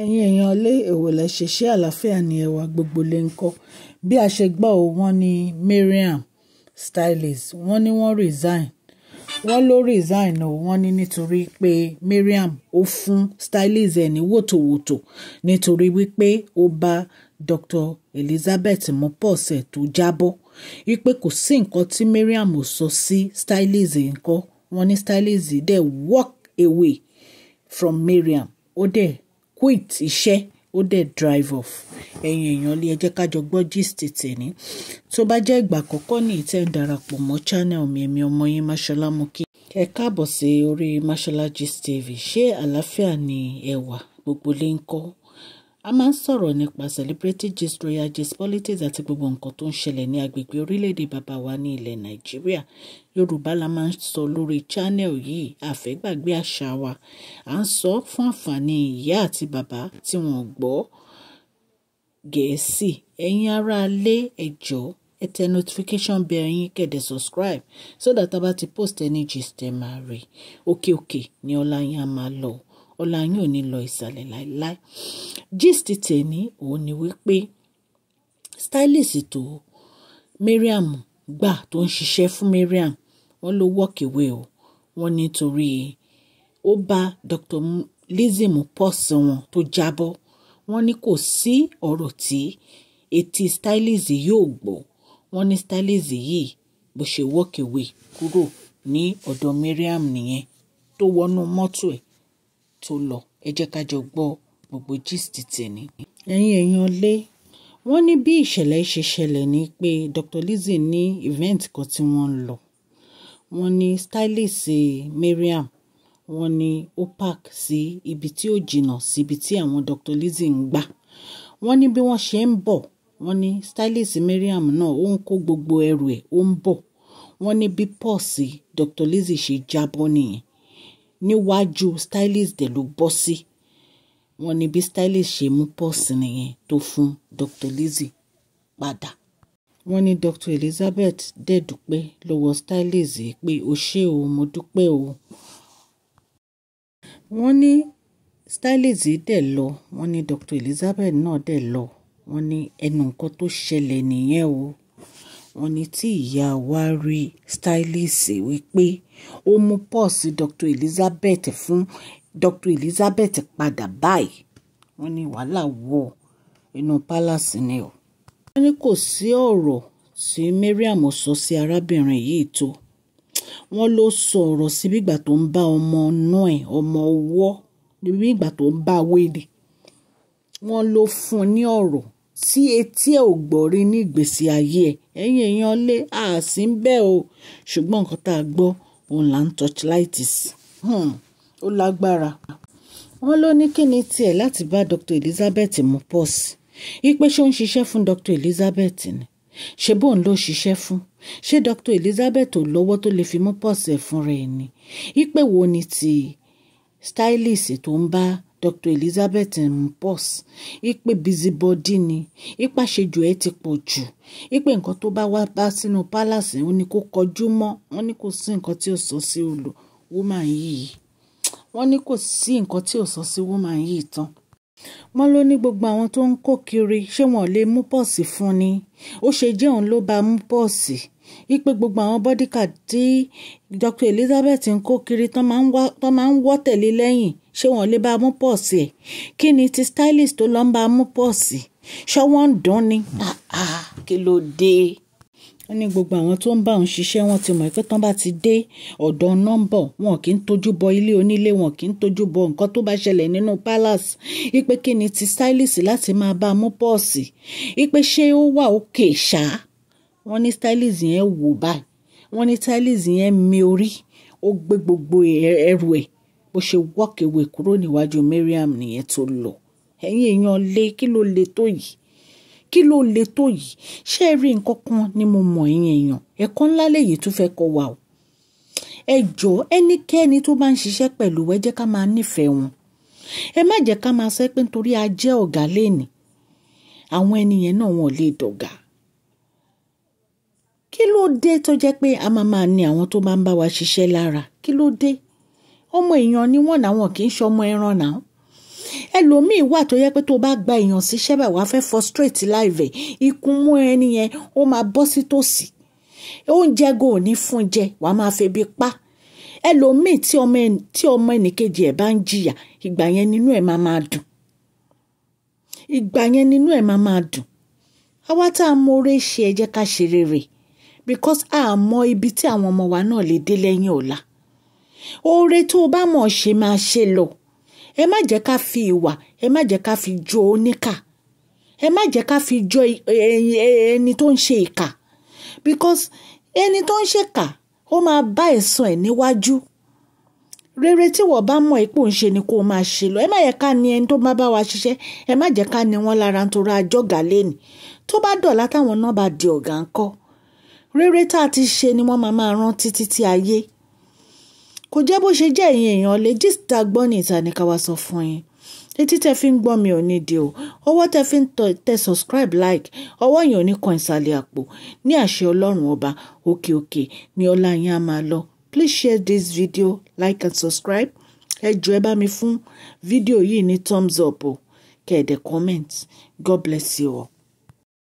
ẹ̀yin èèyàn ilé èwò lẹ ṣe ṣé àlàáfíà ni ẹwà gbogbo lè ń kọ́ bí a ṣe gbọ́ ọ wọ́n ní Mariam stylist wọ́n ní wọ́n resign wọ́n ló resign o wọ́n ní nítorí pé Mariam ó fún stylist ẹ̀ ní wòtòwòtò nítorí wípé ó bá Dr Elizabeth mú pọ̀sẹ̀ tó jábọ́ wípé kò sí nǹkan tí Mariam ò sọ sí stylist nǹkan wọ́n ní stylist dẹ̀ walk away from Mariam ó dẹ̀ quit iṣẹ́ ó dẹ̀ drive off ẹ̀yin èèyàn lé ẹ jẹ́ ká jọ gbọ́ gist tẹ̀ní tó bá jẹ́ ìgbà àkọ́kọ́ ní ìtẹ́ ń darapọ̀ mọ́ channel mi èmi ọmọ yín Mashola mo kí ẹ káàbọ̀ sí orí Mashola Gist TV ṣé àlàáfíà ni ẹ wà gbogbo lè ń kọ́ a máa ń sọ̀rọ̀ nípa celebrity gist royal gist politics àti gbogbo nǹkan tó ń ṣẹlẹ̀ ní agbègbè orílẹ̀-èdè bàbá wa ní ilẹ̀ nàìjíríà yorùbá la máa ń sọ lórí channel yìí àfẹ́gbàgbé àṣà wa à ń sọ fún àǹfààní ìyá àti bàbá tí wọ́n gbọ́ gẹ̀ẹ́sì ẹ̀yin ará lé ẹ̀jọ́ ẹ tẹ notification bell yín kẹ̀dẹ̀ subscribe so that a bá ti post any gist ẹ máa rí òkè òkè ni ọlá yín máa lọ ọlá yín ò ní lọ ìsàlẹ̀ láéláé gist tèmi òun ni wípé stylist tó mariam gbà tó ń ṣiṣẹ́ fún mariam wọ́n ló walk away o wọ́n nítorí ó bá dr lizzie mu pọ́ọ̀sì wọn tó jábọ́ wọ́n ní kò sí ọ̀rọ̀ tí etí stylist yóò gbọ́ wọ́n ní stylist yìí bó ṣe walk away kúrò ní ọ̀dọ̀ mariam nìyẹn tó wọnú mọ́tò ẹ̀ tó lọ ẹ jẹ́ ká jọ gbọ́ gbogbo gist tẹ̀ni. ẹ̀yin èèyàn lé wọ́n ní bí ìṣẹ̀lẹ̀ ṣe ṣẹlẹ̀ ni pé Dr. Lizzy ní event kan tí wọ́n ń lọ wọ́n ní stylist Mariam wọ́n ní ó park sí ibi tí ó jìnnà síbi tí àwọn Dr. Lizzy ń gbà wọ́n ní bí wọ́n ṣe ń bọ̀ wọ́n ní stylist Mariam náà ó ń kó gbogbo ẹrù ẹ̀ ó ń bọ̀ wọ́n ní bí pọ́ọ̀sì Dr. Lizzy ṣe jábọ́ nìyẹn níwájú stylist dẹ̀ ló bọ́ sí wọ́n ní bí stylist ṣe mú pọ́ọ̀sì nìyẹn tó fún Dr. Lizzy padà wọ́n ní Dr. Elizabeth dẹ̀ dúpẹ́ lọ́wọ́ stylist yìí pé o ṣé o mo dúpẹ́ o wọ́n ní stylist dẹ̀ lọ wọ́n ní Dr. Elizabeth náà dẹ̀ lọ wọ́n ní ẹnu nǹkan tó ṣẹlẹ̀ nìyẹn o wọ́n ní tí ìyá wa rí stylist wípé. E ó mú pọ́ọ̀sì Dr. Elizabeth fún Dr. Elizabeth padà báyìí wọ́n ní wàhálà wọ inú pálásì ni o. wọ́n ní kò sí ọ̀rọ̀ tí Mariam sọ sí arábìnrin yìí tó wọ́n ló sọ ọ̀rọ̀ sí bígbà tó ń bá ọmọ náà ẹ̀ ọmọ ọwọ́ bígbà tó ń bá wéde wọ́n ló fún un ní ọ̀rọ̀ tí etí ẹ̀ ò gbọ́ rí ní ìgbésí ayé ẹ̀ ẹ̀yìn èèyàn lé àásì ń o ṣùgbọ́n nǹkan tá a gbọ́ òun là ń torchlights hmm, ó lágbára wọ́n ló ní kíni tiẹ̀ láti bá Dr. Elizabeth mú pọ́s ipe ṣó ń ṣiṣẹ́ fún Dr. Elizabeth ni ṣe bóun ló ṣiṣẹ́ fún ṣé Dr. Elizabeth ò lọ́wọ́ tó lè fi mú pọ́s ẹ̀ fúnra ẹ̀ ni ipe wo ni ti stylist tó ń bá Dr Elizabeth Mbose ipe busybody ni ipa ṣejù ẹ ti pọ̀ jù ipe nǹkan tó bá wá bá sínú palace wọ́n ní kó kọjú mọ́ wọ́n ní kò sí nǹkan tí ò sọ sí olù woman yìí wọ́n ní kò sí nǹkan tí ò sọ sí woman yìí tán wọ́n ló ní gbogbo àwọn tó ń kó kiri ṣé wọ́n lè mú pọ́ọ̀sì fún ni ó ṣe jẹ́ òun ló bá mú pọ́ọ̀sì wípé gbogbo àwọn bọ́díkà Dr Elizabeth ń kó kiri tán máa ń wọ́ tẹ̀lé lẹ́yìn ṣé wọn lè bá mú pọ́ọ̀sì ẹ̀ kí ni ti stylist tó lọ ń bá mú pọ́ọ̀sì ṣọ́ wọ́n ń dán ni kí ló dé. wọ́n ní gbogbo àwọn tó ń bá òun ṣiṣẹ́ wọn ti mọ̀ pé tán bá ti dé ọ̀dọ̀ nọ́mbọ̀ wọn kì í tójú bọ ilé onílé wọn kì í tójú bọ nǹkan tó bá ṣẹlẹ̀ nínú palace ipe kí ni ti stylist láti máa bá mú pọ́ọ̀sì ipe ṣé ó wà òkè ṣá wọ́n ní stylist yẹn wò báyìí wọ́n ní stylist yẹn mi orí ó gbé gbogbo ẹrù ẹ̀ bó ṣe walk kúrò níwájú Mariam nìyẹn tó lọ ẹ̀yin èèyàn lé kí ló le tó yìí kí ló le tó yìí ṣé ẹ rí nǹkan kan ni mo mọ̀ ẹ̀yin èèyàn ẹ̀kọ́ ńlá lèyí tún fẹ́ kọ́ wa o ẹ jọ ẹnikẹ́ni tó bá ń ṣiṣẹ́ pẹ̀lú ẹ jẹ́ ká máa nífẹ̀ẹ́ wọn ẹ má jẹ́ ká máa sọ pé nítorí a ọ̀gá lẹ́nìí àwọn ẹnìyẹn náà wọn ò lè dọ̀gà kí ló dé tó jẹ́ pé a máa máa ní àwọn tó bá ń bá wa ṣiṣẹ́ lára kí ló dé ọmọ èèyàn ni wọ́n làwọn kì í ṣe ọmọ ẹran náà ẹlòmíín wà tó yẹ pé tó bá gba èèyàn síṣẹ́ bẹ̀ wá fẹ́ frustrate láìvẹ̀ ikùn mú ẹni yẹn ó máa bọ́ sí tòsí oúnjẹ go ò ní fún jẹ wàá máa febi pa ẹlòmíín tí ọmọ tí ọmọ ẹnìkejì ẹ̀ bá ń jìyà ìgbà yẹn nínú ẹ̀ máa máa dùn ìgbà yẹn nínú ẹ̀ máa máa dùn àwa tá a mọ̀ọ́rẹ́ ṣe ẹ jẹ́ ká ṣe rere because a mọ ibi tí àwọn ọmọ wa náà lè dé lẹ́yìn ọ̀la oore tó o bá mọ̀ ṣe máa ṣe lọ ẹ má jẹ́ ká fi ìwà ẹ má jẹ́ ká fi jọ oníkà ẹ má jẹ́ ká fi jọ ẹni tó ń ṣe ìkà because ẹni tó ń ṣèkà ó máa bá ẹ̀san ẹ̀ níwájú rere tí wọ́n bá mọ̀ ipò ń ṣe ni kó máa ṣe lọ ẹ má yẹ ká ní ẹni tó bá bá wa ṣiṣẹ́ ẹ má jẹ́ ká ní wọn lára nítorí àjọgà lẹ́nì tó bá dọ̀la táwọn náà bá di ọ̀gá ńkọ́ rere tá a ti ṣe ni wọ́n máa máa rántí títí ayé kò jẹ́ bó ṣe jẹ́ ẹ̀yin èèyàn lè gist tá a gbọ́ ní ìta ní ká wá sọ fún yín etí tẹ fi ń gbọ́ mi ò ní di o ọwọ́ tẹ fi ń tẹ subscribe like ọwọ́ yẹn ò ní kan ìsàlẹ̀ àpò ní àṣẹ ọlọ́run ọba òkè òkè ni ọlá yín á máa lọ please share this video like and subscribe ẹ jọ̀ọ́ ẹ bá mi fún fídíò yìí ní thumbs up o kẹ̀ẹ̀dẹ̀ comment god bless you all.